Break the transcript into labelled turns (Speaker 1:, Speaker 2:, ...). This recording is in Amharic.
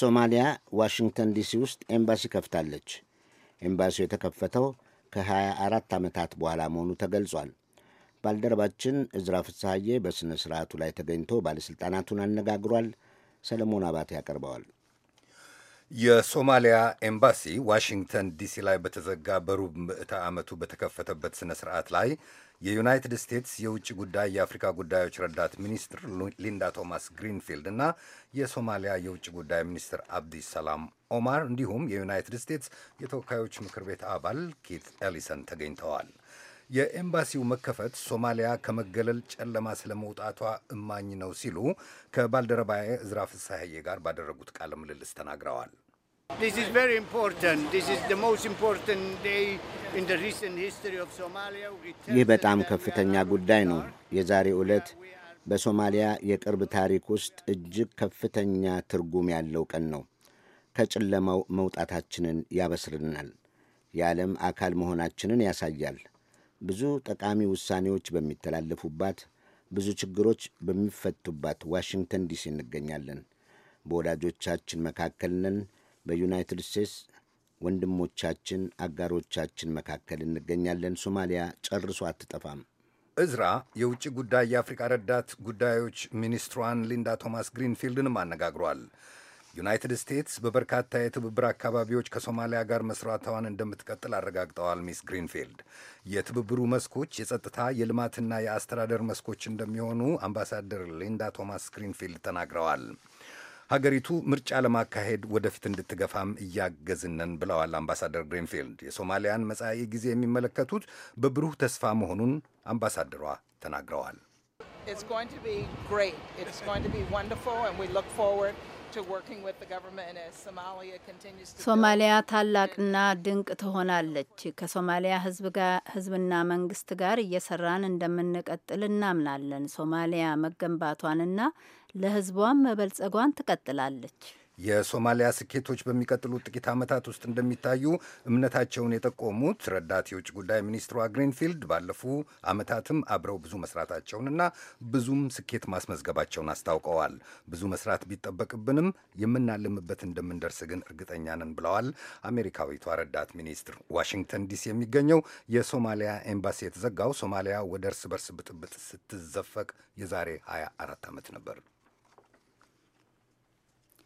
Speaker 1: ሶማሊያ ዋሽንግተን ዲሲ ውስጥ ኤምባሲ ከፍታለች። ኤምባሲው የተከፈተው ከ24 ዓመታት በኋላ መሆኑ ተገልጿል። ባልደረባችን እዝራ ፍስሐዬ በሥነ ሥርዓቱ ላይ ተገኝቶ ባለሥልጣናቱን አነጋግሯል። ሰለሞን አባቴ ያቀርበዋል።
Speaker 2: የሶማሊያ ኤምባሲ ዋሽንግተን ዲሲ ላይ በተዘጋ በሩብ ምዕተ ዓመቱ በተከፈተበት ሥነ ሥርዓት ላይ የዩናይትድ ስቴትስ የውጭ ጉዳይ የአፍሪካ ጉዳዮች ረዳት ሚኒስትር ሊንዳ ቶማስ ግሪንፊልድ እና የሶማሊያ የውጭ ጉዳይ ሚኒስትር አብዲ ሰላም ኦማር እንዲሁም የዩናይትድ ስቴትስ የተወካዮች ምክር ቤት አባል ኪት ኤሊሰን ተገኝተዋል። የኤምባሲው መከፈት ሶማሊያ ከመገለል ጨለማ ስለመውጣቷ እማኝ ነው ሲሉ ከባልደረባ እዝራ ፍሳሐዬ ጋር ባደረጉት ቃለ ምልልስ ተናግረዋል።
Speaker 1: ይህ በጣም ከፍተኛ ጉዳይ ነው። የዛሬ ዕለት በሶማሊያ የቅርብ ታሪክ ውስጥ እጅግ ከፍተኛ ትርጉም ያለው ቀን ነው። ከጨለማው መውጣታችንን ያበስርናል። የዓለም አካል መሆናችንን ያሳያል። ብዙ ጠቃሚ ውሳኔዎች በሚተላለፉባት፣ ብዙ ችግሮች በሚፈቱባት ዋሽንግተን ዲሲ እንገኛለን። በወዳጆቻችን መካከል ነን። በዩናይትድ ስቴትስ ወንድሞቻችን፣ አጋሮቻችን መካከል እንገኛለን። ሶማሊያ ጨርሶ አትጠፋም።
Speaker 2: እዝራ የውጭ ጉዳይ የአፍሪካ ረዳት ጉዳዮች ሚኒስትሯን ሊንዳ ቶማስ ግሪንፊልድንም አነጋግሯል። ዩናይትድ ስቴትስ በበርካታ የትብብር አካባቢዎች ከሶማሊያ ጋር መስራታዋን እንደምትቀጥል አረጋግጠዋል ሚስ ግሪንፊልድ። የትብብሩ መስኮች የጸጥታ የልማትና የአስተዳደር መስኮች እንደሚሆኑ አምባሳደር ሊንዳ ቶማስ ግሪንፊልድ ተናግረዋል። ሀገሪቱ ምርጫ ለማካሄድ ወደፊት እንድትገፋም እያገዝነን ብለዋል አምባሳደር ግሪንፊልድ። የሶማሊያን መጻኢ ጊዜ የሚመለከቱት በብሩህ ተስፋ መሆኑን አምባሳደሯ ተናግረዋል። ሶማሊያ ታላቅና ድንቅ ትሆናለች። ከሶማሊያ ሕዝብና መንግስት ጋር እየሰራን እንደምንቀጥል እናምናለን። ሶማሊያ መገንባቷንና ለሕዝቧን መበልጸጓን ትቀጥላለች። የሶማሊያ ስኬቶች በሚቀጥሉት ጥቂት ዓመታት ውስጥ እንደሚታዩ እምነታቸውን የጠቆሙት ረዳት የውጭ ጉዳይ ሚኒስትሯ ግሪንፊልድ ባለፉ ዓመታትም አብረው ብዙ መስራታቸውንና ብዙም ስኬት ማስመዝገባቸውን አስታውቀዋል። ብዙ መስራት ቢጠበቅብንም የምናልምበት እንደምንደርስ ግን እርግጠኛ ነን ብለዋል። አሜሪካዊቷ ረዳት ሚኒስትር ዋሽንግተን ዲሲ የሚገኘው የሶማሊያ ኤምባሲ የተዘጋው ሶማሊያ ወደ እርስ በርስ ብጥብጥ ስትዘፈቅ የዛሬ 24 ዓመት ነበር።